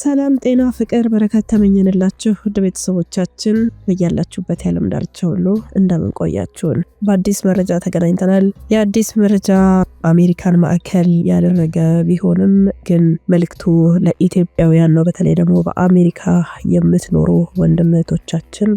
ሰላም ጤና ፍቅር በረከት ተመኘንላችሁ ውድ ቤተሰቦቻችን በያላችሁበት ያለም ዳርቻ ሁሉ እንደምንቆያችሁን በአዲስ መረጃ ተገናኝተናል። የአዲስ መረጃ አሜሪካን ማዕከል ያደረገ ቢሆንም ግን መልእክቱ ለኢትዮጵያውያን ነው። በተለይ ደግሞ በአሜሪካ የምትኖሩ ወንድም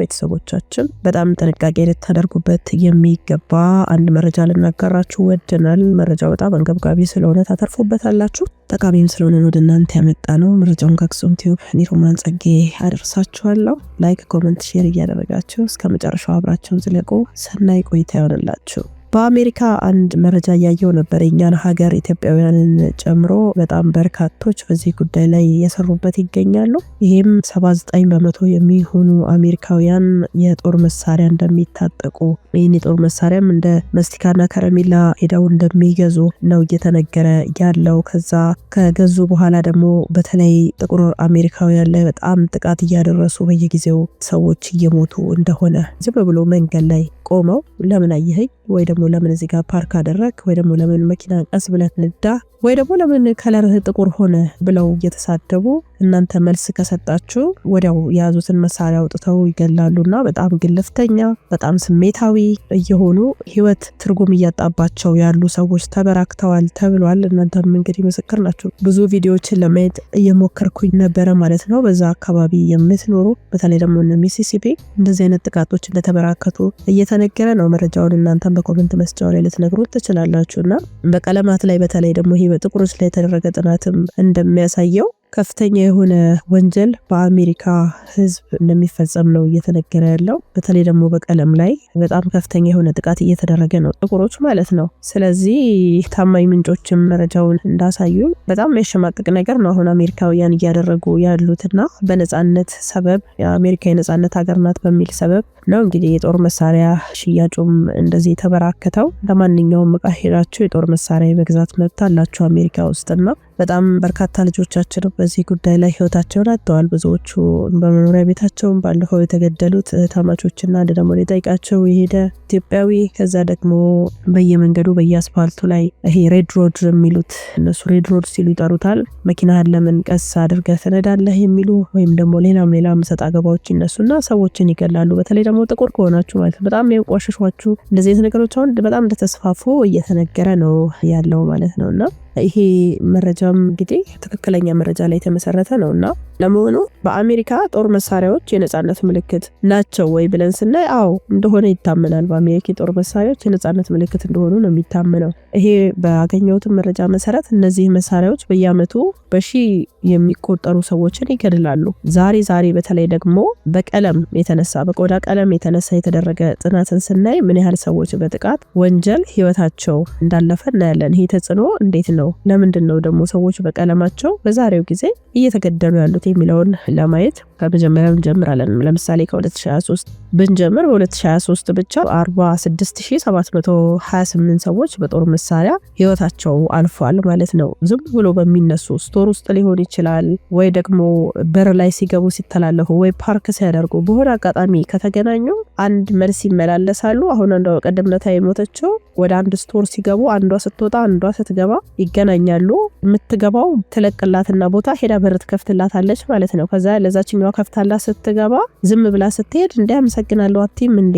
ቤተሰቦቻችን በጣም ጥንቃቄ ልታደርጉበት የሚገባ አንድ መረጃ ልናጋራችሁ ወድናል። መረጃው በጣም አንገብጋቢ ስለሆነ ታተርፉበታላችሁ። ጠቃሚም ስለሆነ ወደ እናንተ ያመጣ ነው። መረጃውን ከአክሱም ቲዩብ ኒሮማን ጸጌ አደርሳችኋለሁ። ላይክ፣ ኮመንት፣ ሼር እያደረጋችሁ እስከ መጨረሻው አብራችሁን ዝለቁ። ሰናይ ቆይታ ይሆንላችሁ። በአሜሪካ አንድ መረጃ እያየው ነበር። የኛን ሀገር ኢትዮጵያውያንን ጨምሮ በጣም በርካቶች በዚህ ጉዳይ ላይ እየሰሩበት ይገኛሉ። ይህም 79 በመቶ የሚሆኑ አሜሪካውያን የጦር መሳሪያ እንደሚታጠቁ ይህን የጦር መሳሪያም እንደ መስቲካና ከረሜላ ሄደው እንደሚገዙ ነው እየተነገረ ያለው። ከዛ ከገዙ በኋላ ደግሞ በተለይ ጥቁር አሜሪካውያን ላይ በጣም ጥቃት እያደረሱ በየጊዜው ሰዎች እየሞቱ እንደሆነ ዝም ብሎ መንገድ ላይ ቆመው ለምን አየኸኝ ወይ ደግሞ ለምን እዚህ ጋር ፓርክ አደረግ ወይ ደግሞ ለምን መኪና ቀስ ብለን ንዳ ወይ ደግሞ ለምን ከለርህ ጥቁር ሆነ ብለው እየተሳደቡ እናንተ መልስ ከሰጣችሁ ወዲያው የያዙትን መሳሪያ አውጥተው ይገላሉና በጣም ግልፍተኛ፣ በጣም ስሜታዊ እየሆኑ ህይወት ትርጉም እያጣባቸው ያሉ ሰዎች ተበራክተዋል ተብሏል። እናንተም እንግዲህ ምስክር ናቸው። ብዙ ቪዲዮዎችን ለማየት እየሞከርኩኝ ነበረ ማለት ነው። በዛ አካባቢ የምትኖሩ በተለይ ደግሞ ሚሲሲፒ እንደዚህ አይነት ጥቃቶች እንደተበራከቱ እየተነገረ ነው። መረጃውን እናንተም በኮመንት ኮመንት መስጫው ላይ ልትነግሩት ትችላላችሁ። እና በቀለማት ላይ በተለይ ደግሞ ይሄ በጥቁሮች ላይ የተደረገ ጥናትም እንደሚያሳየው ከፍተኛ የሆነ ወንጀል በአሜሪካ ህዝብ እንደሚፈጸም ነው እየተነገረ ያለው። በተለይ ደግሞ በቀለም ላይ በጣም ከፍተኛ የሆነ ጥቃት እየተደረገ ነው፣ ጥቁሮች ማለት ነው። ስለዚህ ታማኝ ምንጮችም መረጃውን እንዳሳዩ በጣም የሚያሸማቅቅ ነገር ነው አሁን አሜሪካውያን እያደረጉ ያሉትና በነጻነት ሰበብ የአሜሪካ የነጻነት ሀገር ናት በሚል ሰበብ ነው እንግዲህ የጦር መሳሪያ ሽያጩም እንደዚህ የተበራከተው። ለማንኛውም እቃ ሄዳችሁ የጦር መሳሪያ የመግዛት መብት አላችሁ አሜሪካ ውስጥና በጣም በርካታ ልጆቻችን በዚህ ጉዳይ ላይ ህይወታቸውን አጥተዋል። ብዙዎቹ በመኖሪያ ቤታቸውን ባለፈው የተገደሉት ታማቾችና አንድ ደግሞ ሊጠይቃቸው የሄደ ኢትዮጵያዊ፣ ከዛ ደግሞ በየመንገዱ በየአስፋልቱ ላይ ይሄ ሬድ ሮድ የሚሉት እነሱ ሬድ ሮድ ሲሉ ይጠሩታል። መኪናህን ለምን ቀስ አድርገህ ትነዳለህ የሚሉ ወይም ደግሞ ሌላም ሌላም ሰጥ አገባዎች ይነሱና ሰዎችን ይገላሉ። በተለይ ደግሞ ጥቁር ከሆናችሁ ማለት በጣም የቆሸሿችሁ እንደዚህ አይነት ነገሮች አሁን በጣም እንደተስፋፉ እየተነገረ ነው ያለው ማለት ነው እና ይሄ መረጃም እንግዲህ ትክክለኛ መረጃ ላይ የተመሰረተ ነው እና ለመሆኑ በአሜሪካ ጦር መሳሪያዎች የነጻነት ምልክት ናቸው ወይ ብለን ስናይ፣ አዎ እንደሆነ ይታመናል። በአሜሪካ የጦር መሳሪያዎች የነጻነት ምልክት እንደሆኑ ነው የሚታመነው። ይሄ ባገኘሁትን መረጃ መሰረት እነዚህ መሳሪያዎች በየአመቱ በሺ የሚቆጠሩ ሰዎችን ይገድላሉ። ዛሬ ዛሬ በተለይ ደግሞ በቀለም የተነሳ በቆዳ ቀለም የተነሳ የተደረገ ጥናትን ስናይ ምን ያህል ሰዎች በጥቃት ወንጀል ህይወታቸው እንዳለፈ እናያለን። ይህ ተጽዕኖ እንዴት ነው ነው። ለምንድን ነው ደግሞ ሰዎች በቀለማቸው በዛሬው ጊዜ እየተገደሉ ያሉት የሚለውን ለማየት ከመጀመሪያ እንጀምራለን። ለምሳሌ ከ2023 ብንጀምር በ2023 ብቻ 46728 ሰዎች በጦር መሳሪያ ህይወታቸው አልፏል ማለት ነው። ዝም ብሎ በሚነሱ ስቶር ውስጥ ሊሆን ይችላል ወይ ደግሞ በር ላይ ሲገቡ ሲተላለፉ፣ ወይ ፓርክ ሲያደርጉ በሆነ አጋጣሚ ከተገናኙ አንድ መልስ ይመላለሳሉ። አሁን አንዷ ቀደም የሞተችው ወደ አንድ ስቶር ሲገቡ አንዷ ስትወጣ አንዷ ስትገባ ይገናኛሉ። የምትገባው ትለቅላትና ቦታ ሄዳ በር ትከፍትላታለች ማለት ነው። ከዛ ለዛችኛ በሯ ከፍታላ ስትገባ ዝም ብላ ስትሄድ እንዲ አመሰግናለሁ አቲም እንዴ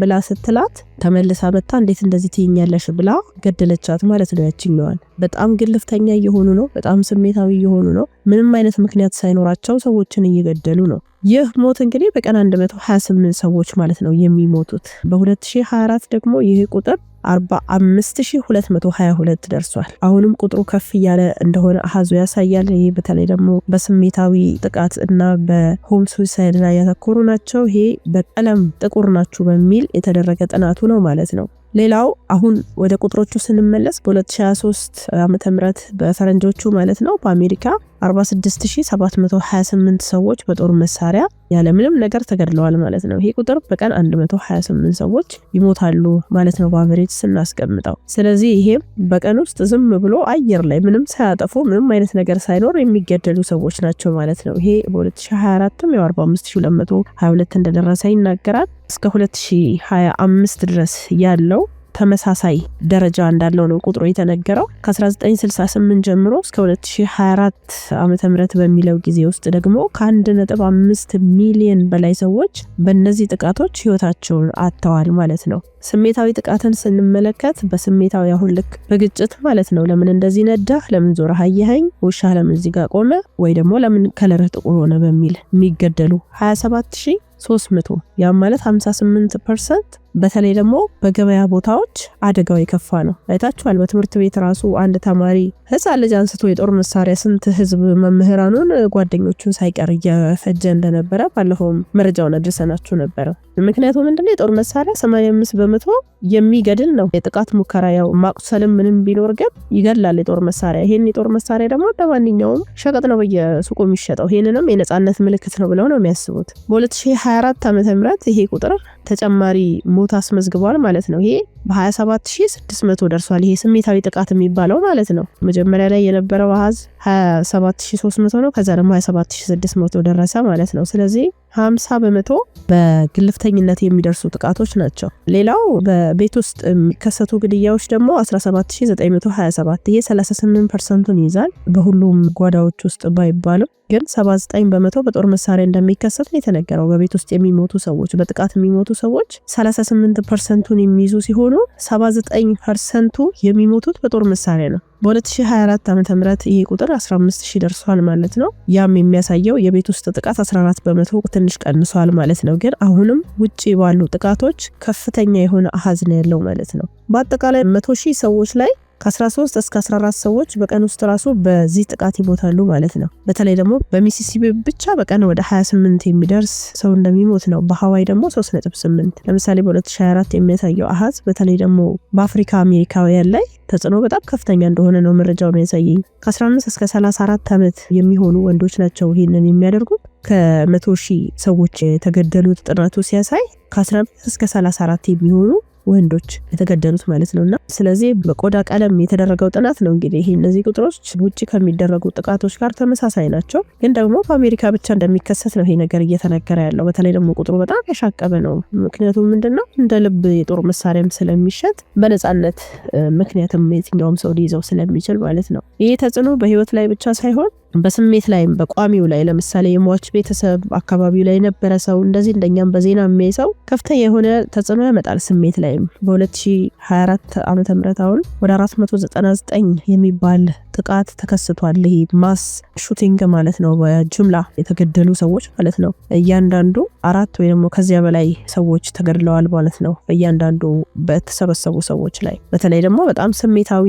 ብላ ስትላት ተመልሳ መታ እንዴት እንደዚህ ትይኛለሽ ብላ ገደለቻት ማለት ነው ያችኛዋን። በጣም ግልፍተኛ እየሆኑ ነው። በጣም ስሜታዊ እየሆኑ ነው። ምንም አይነት ምክንያት ሳይኖራቸው ሰዎችን እየገደሉ ነው። ይህ ሞት እንግዲህ በቀን 128 ሰዎች ማለት ነው የሚሞቱት። በ2024 ደግሞ ይህ ቁጥር 45222 ደርሷል። አሁንም ቁጥሩ ከፍ እያለ እንደሆነ አሃዙ ያሳያል። ይህ በተለይ ደግሞ በስሜታዊ ጥቃት እና በሆም ሱሳይድ ላይ ያተኮሩ ናቸው። ይሄ በቀለም ጥቁር ናችሁ በሚል የተደረገ ጥናቱ ነው ማለት ነው። ሌላው አሁን ወደ ቁጥሮቹ ስንመለስ በ2023 ዓ ም በፈረንጆቹ ማለት ነው በአሜሪካ 46728 ሰዎች በጦር መሳሪያ ያለምንም ነገር ተገድለዋል ማለት ነው። ይህ ቁጥር በቀን 128 ሰዎች ይሞታሉ ማለት ነው በአቨሬጅ ስናስቀምጠው። ስለዚህ ይሄም በቀን ውስጥ ዝም ብሎ አየር ላይ ምንም ሳያጠፉ ምንም አይነት ነገር ሳይኖር የሚገደሉ ሰዎች ናቸው ማለት ነው። ይሄ በ2024ም 45222 እንደደረሰ ይናገራል። እስከ 2025 ድረስ ያለው ተመሳሳይ ደረጃ እንዳለው ነው ቁጥሩ የተነገረው። ከ1968 ጀምሮ እስከ 2024 ዓ ም በሚለው ጊዜ ውስጥ ደግሞ ከ1.5 ሚሊዮን በላይ ሰዎች በእነዚህ ጥቃቶች ህይወታቸውን አጥተዋል ማለት ነው። ስሜታዊ ጥቃትን ስንመለከት በስሜታዊ አሁን ልክ በግጭት ማለት ነው። ለምን እንደዚህ ነዳህ? ለምን ዞረህ አየኸኝ? ውሻ ለምን እዚህ ጋር ቆመ? ወይ ደግሞ ለምን ከለርህ ጥቁር ሆነ? በሚል የሚገደሉ 27300 ያም ማለት 58 ፐርሰንት። በተለይ ደግሞ በገበያ ቦታዎች አደጋው የከፋ ነው። አይታችኋል። በትምህርት ቤት ራሱ አንድ ተማሪ ህፃን ልጅ አንስቶ የጦር መሳሪያ ስንት ህዝብ መምህራኑን ጓደኞቹን ሳይቀር እየፈጀ እንደነበረ ባለፈውም መረጃውን አድርሰናችሁ ነበረ። ምክንያቱ ምንድነው? የጦር መሳሪያ 85 በመቶ የሚገድል ነው። የጥቃት ሙከራ ያው ማቁሰልም ምንም ቢኖር ግን ይገድላል የጦር መሳሪያ። ይህን የጦር መሳሪያ ደግሞ ለማንኛውም ሸቀጥ ነው በየሱቁ የሚሸጠው። ይህንንም የነፃነት ምልክት ነው ብለው ነው የሚያስቡት። በ2024 ዓ ም ይሄ ቁጥር ተጨማሪ ሞት አስመዝግቧል ማለት ነው። ይሄ በ27600 ደርሷል። ይሄ ስሜታዊ ጥቃት የሚባለው ማለት ነው። መጀመሪያ ላይ የነበረው አሃዝ 27300 ነው። ከዛ ደግሞ 27600 ደረሰ ማለት ነው። ስለዚህ 50 በመቶ በግልፍተኝነት የሚደርሱ ጥቃቶች ናቸው። ሌላው ሌላው በቤት ውስጥ የሚከሰቱ ግድያዎች ደግሞ 17927 ይሄ 38 ፐርሰንቱን ይይዛል። በሁሉም ጓዳዎች ውስጥ ባይባልም ግን 79 በመቶ በጦር መሳሪያ እንደሚከሰት ነው የተነገረው። በቤት ውስጥ የሚሞቱ ሰዎች በጥቃት የሚሞቱ ሰዎች 38 ፐርሰንቱን የሚይዙ ሲሆኑ 79 ፐርሰንቱ የሚሞቱት በጦር መሳሪያ ነው። በ2024 ዓ ም ይህ ቁጥር 15 ደርሷል ማለት ነው። ያም የሚያሳየው የቤት ውስጥ ጥቃት 14 በመቶ ትንሽ ቀንሷል ማለት ነው። ግን አሁንም ውጭ ባሉ ጥቃቶች ከፍተኛ የሆነ አሀዝን ነው ያለው ማለት ነው። በአጠቃላይ 100 ሺህ ሰዎች ላይ ከ13 እስከ 14 ሰዎች በቀን ውስጥ ራሱ በዚህ ጥቃት ይሞታሉ ማለት ነው። በተለይ ደግሞ በሚሲሲፒ ብቻ በቀን ወደ 28 የሚደርስ ሰው እንደሚሞት ነው። በሀዋይ ደግሞ 3.8 ለምሳሌ በ2024 የሚያሳየው አሀዝ በተለይ ደግሞ በአፍሪካ አሜሪካውያን ላይ ተጽዕኖ በጣም ከፍተኛ እንደሆነ ነው መረጃው የሚያሳየኝ። ከ15 እስከ 34 ዓመት የሚሆኑ ወንዶች ናቸው ይህንን የሚያደርጉት። ከመቶ ሺህ ሰዎች የተገደሉት ጥናቱ ሲያሳይ ከ15 እስከ 34 የሚሆኑ ወንዶች የተገደሉት ማለት ነው። እና ስለዚህ በቆዳ ቀለም የተደረገው ጥናት ነው እንግዲህ ይህ እነዚህ ቁጥሮች ውጭ ከሚደረጉ ጥቃቶች ጋር ተመሳሳይ ናቸው። ግን ደግሞ በአሜሪካ ብቻ እንደሚከሰት ነው ይሄ ነገር እየተነገረ ያለው። በተለይ ደግሞ ቁጥሩ በጣም ያሻቀበ ነው። ምክንያቱም ምንድን ነው እንደ ልብ የጦር መሳሪያም ስለሚሸጥ በነፃነት ምክንያትም የትኛውም ሰው ሊይዘው ስለሚችል ማለት ነው። ይህ ተጽዕኖ በህይወት ላይ ብቻ ሳይሆን በስሜት ላይም በቋሚው ላይ ለምሳሌ የሟች ቤተሰብ አካባቢው ላይ የነበረ ሰው እንደዚህ እንደኛም በዜና የሚያይ ሰው ከፍተኛ የሆነ ተጽዕኖ ያመጣል። ስሜት ላይም በ2024 ዓ ም አሁን ወደ 499 የሚባል ጥቃት ተከስቷል። ይሄ ማስ ሹቲንግ ማለት ነው፣ በጅምላ የተገደሉ ሰዎች ማለት ነው። እያንዳንዱ አራት ወይ ደግሞ ከዚያ በላይ ሰዎች ተገድለዋል ማለት ነው፣ በእያንዳንዱ በተሰበሰቡ ሰዎች ላይ። በተለይ ደግሞ በጣም ስሜታዊ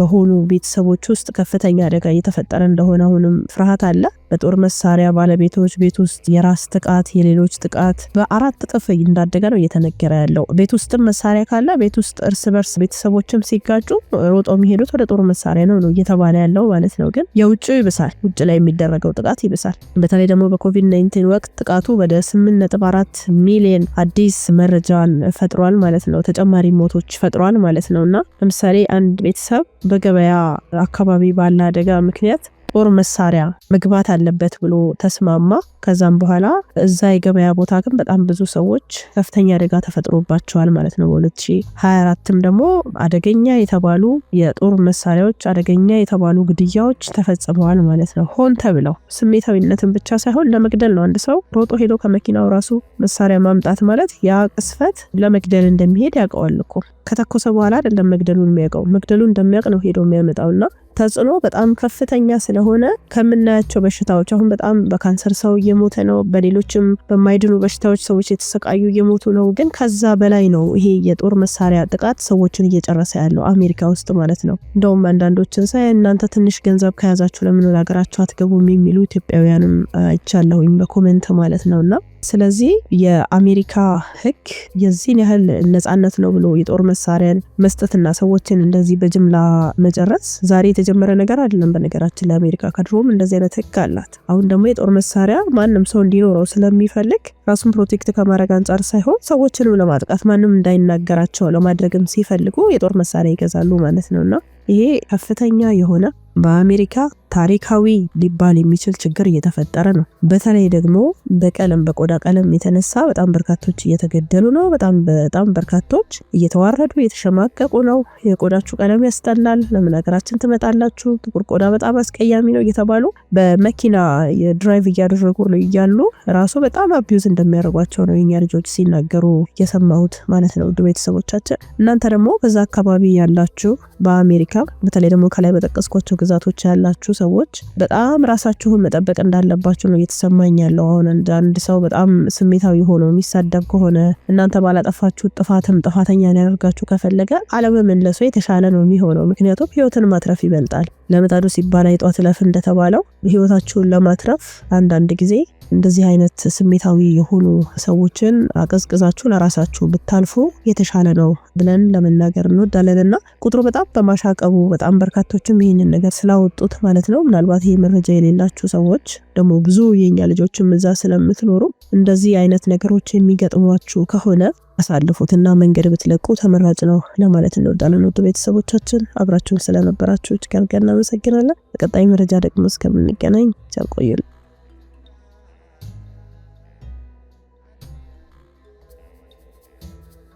በሆኑ ቤተሰቦች ውስጥ ከፍተኛ አደጋ እየተፈጠረ እንደሆነ አሁንም ፍርሃት አለ። በጦር መሳሪያ ባለቤቶች ቤት ውስጥ የራስ ጥቃት፣ የሌሎች ጥቃት በአራት እጥፍ እንዳደገ ነው እየተነገረ ያለው። ቤት ውስጥም መሳሪያ ካለ ቤት ውስጥ እርስ በርስ ቤተሰቦችም ሲጋጩ ሮጦ የሚሄዱት ወደ ጦር መሳሪያ ነው ነው እየተባለ ያለው ማለት ነው። ግን የውጭ ይብሳል፣ ውጭ ላይ የሚደረገው ጥቃት ይብሳል። በተለይ ደግሞ በኮቪድ-19 ወቅት ጥቃቱ ወደ 8.4 ሚሊዮን አዲስ መረጃን ፈጥሯል ማለት ነው። ተጨማሪ ሞቶች ፈጥሯል ማለት ነው እና ለምሳሌ አንድ ቤተሰብ በገበያ አካባቢ ባለ አደጋ ምክንያት ጦር መሳሪያ መግባት አለበት ብሎ ተስማማ። ከዛም በኋላ እዛ የገበያ ቦታ ግን በጣም ብዙ ሰዎች ከፍተኛ አደጋ ተፈጥሮባቸዋል ማለት ነው። በ2024ም ደግሞ አደገኛ የተባሉ የጦር መሳሪያዎች፣ አደገኛ የተባሉ ግድያዎች ተፈጽመዋል ማለት ነው። ሆን ተብለው ስሜታዊነትን ብቻ ሳይሆን ለመግደል ነው። አንድ ሰው ሮጦ ሄዶ ከመኪናው ራሱ መሳሪያ ማምጣት ማለት ያ ቅስፈት ለመግደል እንደሚሄድ ያውቀዋል እኮ ከተኮሰ በኋላ አይደለም መግደሉን የሚያውቀው መግደሉ እንደሚያውቅ ነው ሄዶ የሚያመጣውና ተጽዕኖ በጣም ከፍተኛ ስለሆነ ከምናያቸው በሽታዎች አሁን በጣም በካንሰር ሰው እየሞተ ነው። በሌሎችም በማይድኑ በሽታዎች ሰዎች የተሰቃዩ እየሞቱ ነው። ግን ከዛ በላይ ነው። ይሄ የጦር መሳሪያ ጥቃት ሰዎችን እየጨረሰ ያለው አሜሪካ ውስጥ ማለት ነው። እንደውም አንዳንዶችን ሳይ እናንተ ትንሽ ገንዘብ ከያዛችሁ ለምን ወደ ሀገራችሁ አትገቡም የሚሉ ኢትዮጵያውያንም አይቻለሁኝ በኮመንት ማለት ነው እና ስለዚህ የአሜሪካ ህግ የዚህን ያህል ነጻነት ነው ብሎ የጦር መሳሪያን መስጠትና ሰዎችን እንደዚህ በጅምላ መጨረስ ዛሬ የተጀመረ ነገር አይደለም። በነገራችን ለአሜሪካ ከድሮም እንደዚህ አይነት ህግ አላት። አሁን ደግሞ የጦር መሳሪያ ማንም ሰው እንዲኖረው ስለሚፈልግ ራሱን ፕሮቴክት ከማድረግ አንጻር ሳይሆን ሰዎችንም ለማጥቃት ማንም እንዳይናገራቸው ለማድረግም ሲፈልጉ የጦር መሳሪያ ይገዛሉ ማለት ነውና ይሄ ከፍተኛ የሆነ በአሜሪካ ታሪካዊ ሊባል የሚችል ችግር እየተፈጠረ ነው። በተለይ ደግሞ በቀለም በቆዳ ቀለም የተነሳ በጣም በርካቶች እየተገደሉ ነው። በጣም በጣም በርካቶች እየተዋረዱ እየተሸማቀቁ ነው። የቆዳችሁ ቀለም ያስጠላል፣ ለምን ሀገራችን ትመጣላችሁ? ጥቁር ቆዳ በጣም አስቀያሚ ነው እየተባሉ በመኪና ድራይቭ እያደረጉ ነው እያሉ ራሱ በጣም አቢዩዝ እንደሚያደርጓቸው ነው የኛ ልጆች ሲናገሩ የሰማሁት ማለት ነው። ውድ ቤተሰቦቻችን እናንተ ደግሞ በዛ አካባቢ ያላችሁ በአሜሪካ በተለይ ደግሞ ከላይ በጠቀስኳቸው ግዛቶች ያላችሁ ሰዎች በጣም ራሳችሁን መጠበቅ እንዳለባችሁ ነው እየተሰማኝ ያለው። አሁን አንድ ሰው በጣም ስሜታዊ ሆኖ የሚሳደብ ከሆነ እናንተ ባላጠፋችሁ ጥፋትም ጥፋተኛ ሊያደርጋችሁ ከፈለገ አለመመለሱ የተሻለ ነው የሚሆነው። ምክንያቱም ህይወትን ማትረፍ ይበልጣል። ለምጣዱ ሲባል አይጧ ትለፍ እንደተባለው ህይወታችሁን ለማትረፍ አንዳንድ ጊዜ እንደዚህ አይነት ስሜታዊ የሆኑ ሰዎችን አቀዝቅዛችሁ ለራሳችሁ ብታልፉ የተሻለ ነው ብለን ለመናገር እንወዳለን እና ቁጥሩ በጣም በማሻቀቡ በጣም በርካቶችም ይህንን ነገር ስላወጡት ማለት ነው። ምናልባት ይህ መረጃ የሌላችሁ ሰዎች ደግሞ ብዙ የኛ ልጆችም እዛ ስለምትኖሩ እንደዚህ አይነት ነገሮች የሚገጥሟችሁ ከሆነ አሳልፉትና መንገድ ብትለቁ ተመራጭ ነው ለማለት እንወዳለን። ውድ ቤተሰቦቻችን አብራችሁን ስለነበራችሁ እጅግ አድርገን እናመሰግናለን። በቀጣይ መረጃ ደግሞ እስከምንገናኝ ቸር ቆዩልን።